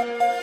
Música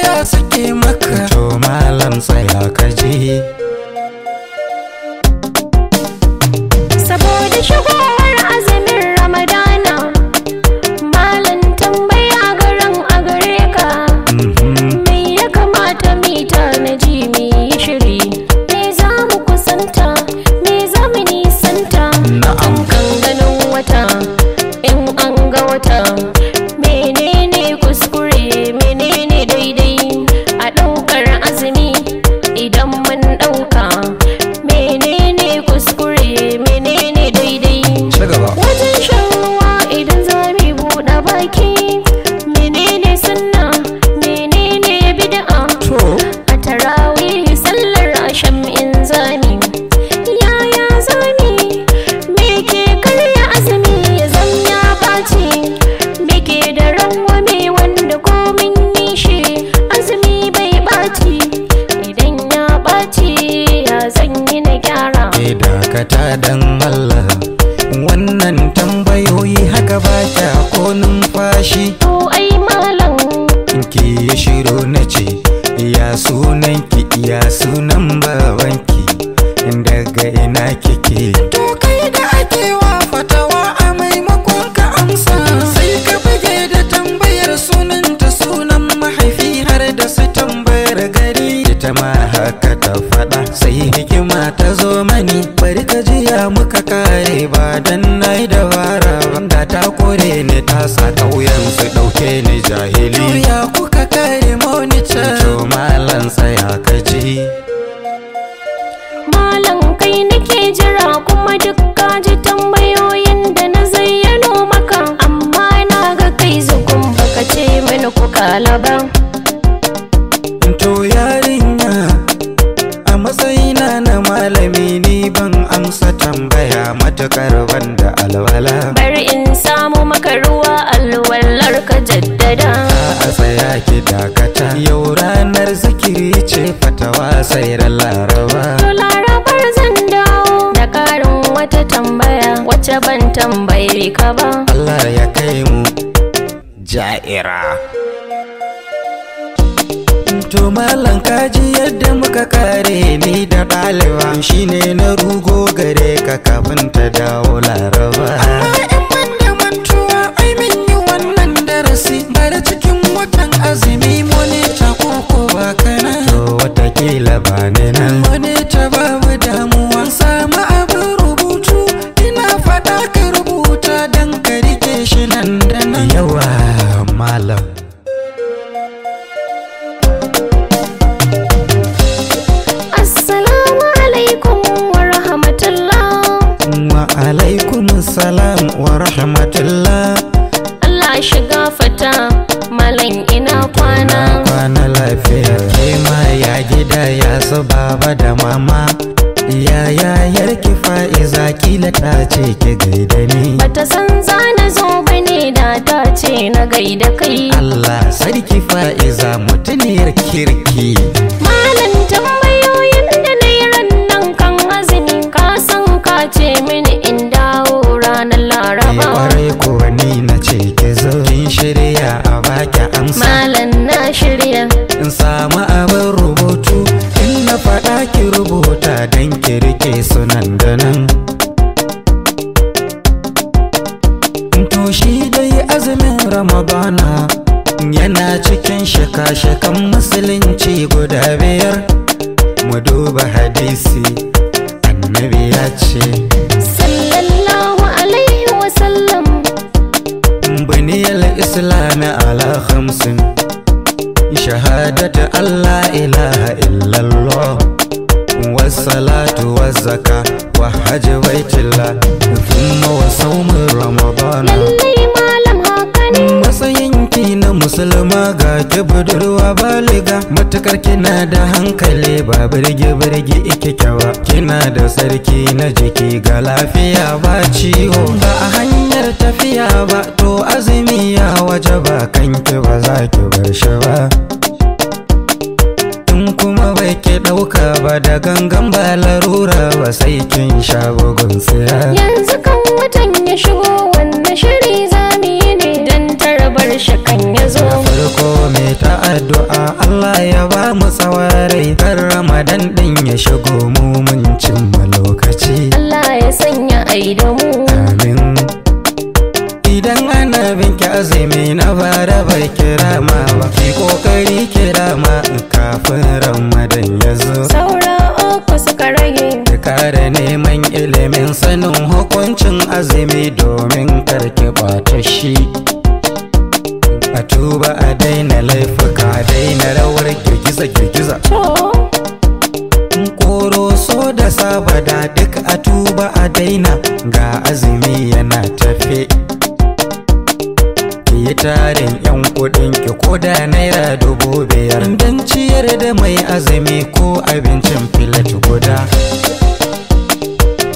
ya suke maka to malam tsaya ka ji saboda shigowar azumin ramadana malam tambaya garin a gare ka mm-hmm. me ya kamata na ji mi yi shiri me za mu kusanta me za mu nisanta na'am kan ganin wata in an ga wata ya sunan ki iya sunan babanki ga ina kike to kai da ake wa fatawa a maimakon ka amsa sai ka bige da tambayar sunan ta sunan mahaifi har da su tambayar gari ita ma haka ta faɗa sai hikima ta zo mani bari ka jiya muka kare ba dan nayi dabara ba ta kore ni ta sa su ɗauke ni jahili ya kuka kare moni to malam tsaya ka ji Malam kai nake jira kuma duk ka ji tambayoyin da na zayyano maka amma na ga kai zukun baka ce mini ku kalaba to yarinya a matsayina na malami ni ban amsa tambaya matukar wanda alwala bari in samu maka ruwa alwalar ka jaddada a tsaya ki dakata yau ranar zikiri ce fatawa sayar laraba to larabar zan dawo da karin wata tambaya wacce ban tambaye ka ba Allah ya kai mu ja'ira to malam kaji yadda muka kare ni da ɗaliba shine na rugo gare ka kafin ta dawo laraba yawa malam assalamu alaikum wa rahmatullah wa alaikum salam wa rahmatullah Allah shiga fata malam ina kwana kwana lafiya kima ya gida ya su baba da mama yaya yarki fa'iza kila ta ce ki gaida ni bata san zana zo ce na gaida kai Allah sarki fa'iza mutuniyar kirki malam tambayoyin da na yi rannan kan azumi ka san ka ce mini in dawo ranar laraba eh, kwarai kuwa ni na ce ki zo kin shirya a baki amsa malam na shirya kana ala khamsin shahadatu alla ilaha illallah Wa salatu wa hajj baitillah thumma wa sawmin ramadana matsayinki na musulma ga ki budurwa baliga matukar kina da hankali ba birgi-birgi birge ike kyawa kina da sarki na jiki ga lafiya ba ciwo ba a hanyar tafiya ba to azu ba kanki ba za ki bar shi ba in kuma bai ki ɗauka ba da gangan ba larura ba sai kin sha bugun tsira yanzu kan watan ya shigo wannan shiri zami ne dan tarbar shi kan ya zo farko mai ta addu'a Allah ya ba mu tsawarai dan Ramadan din ya shigo mu mun cin malo tuba a daina laifuka a daina rawar girgiza girgiza koro so da sabada duk a tuba a daina ga azumi yana tafe yi tarin yan kudin ki koda naira dubu biyar don ciyar da mai azumi ko abincin filet guda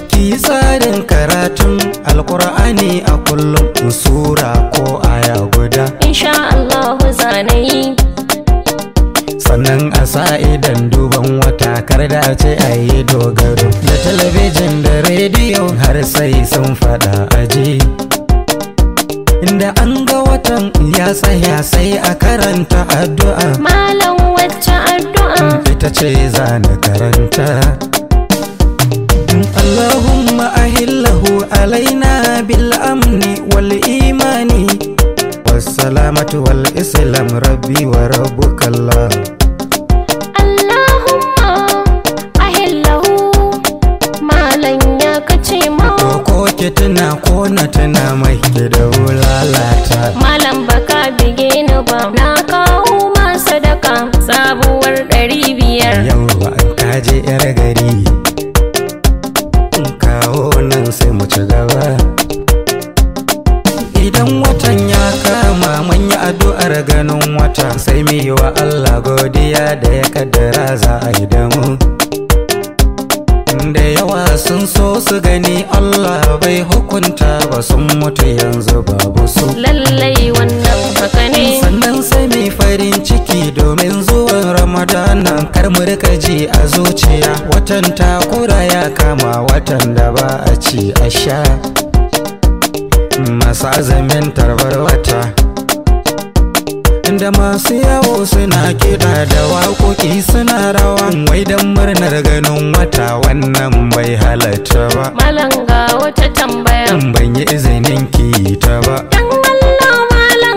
ki yi tsarin karatun alkur'ani ce a yi dogaro da talabijin da rediyo har sai sun fada aji inda an ga watan ya tsaya sai a karanta addu'a malam wacce addu'a ita ce za na karanta Allahumma ahillahu alaina bil amni wal imani والسلامة والإسلام ربي وربك الله ya tuna ko na tana mai da wulalata malam baka bige ni ba na kawo ma sadaka sabuwar ɗari biyar yawwa ka je yar gari kawo nan sai mu ci gaba idan watan ya kama manya addu'ar ganin wata sai mu yi wa Allah godiya da ya kaddara za a yi da da yawa sun so su gani hukunta ba sun mutu yanzu babu su lallai wannan haka ne sannan sai mai farin ciki domin zuwan ramadanan kar mu rika ji a zuciya watan ta kura ya kama watan da ba a ci a sha masu azumin tarbar wata da masu yawo suna kiɗa da waƙoƙi suna rawa wai don murnar ganin wata wannan bai halatta ba. Malanga wata tambaya ban yi izinin ki ta ba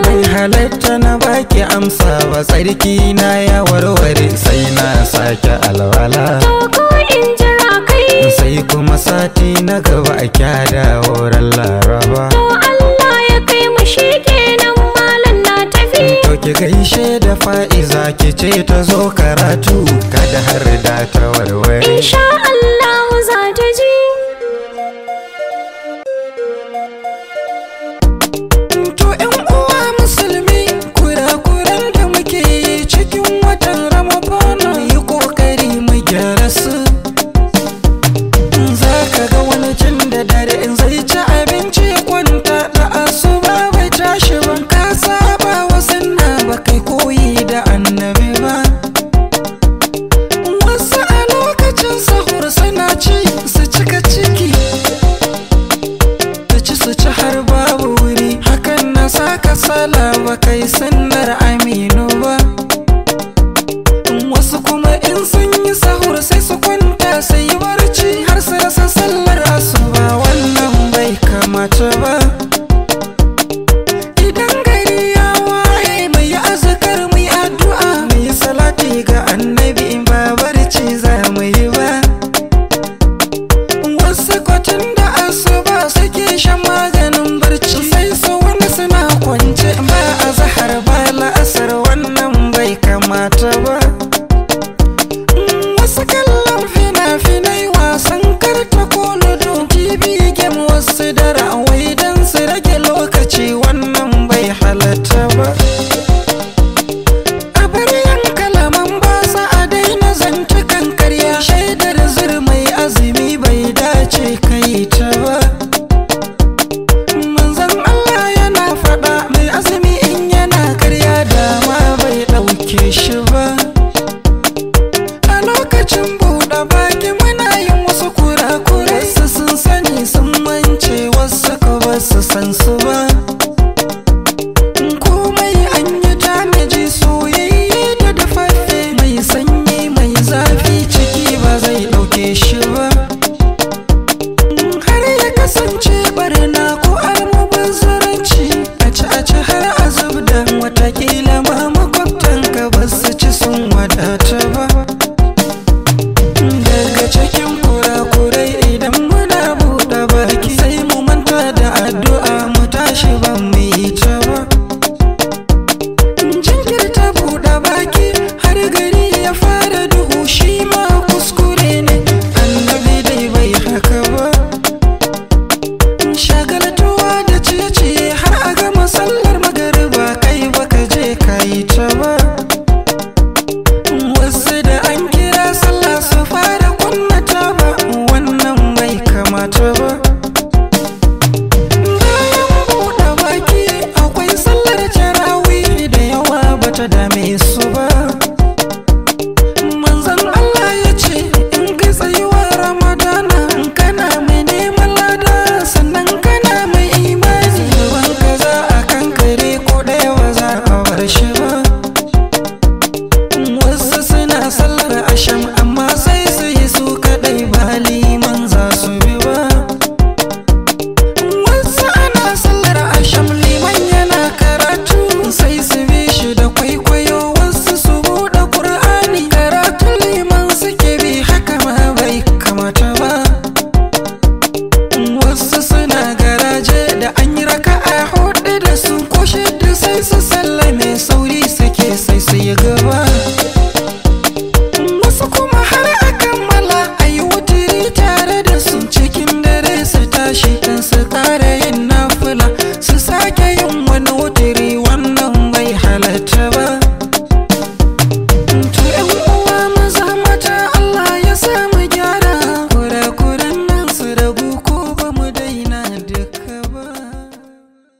bai halatta na baki amsa ba tsarki na ya warware sai na sake alwala sai kuma sati na gaba a kyada horon laraba ki gaishe da fa'iza ki ce ta zo karatu kada har da ta warware insha Allah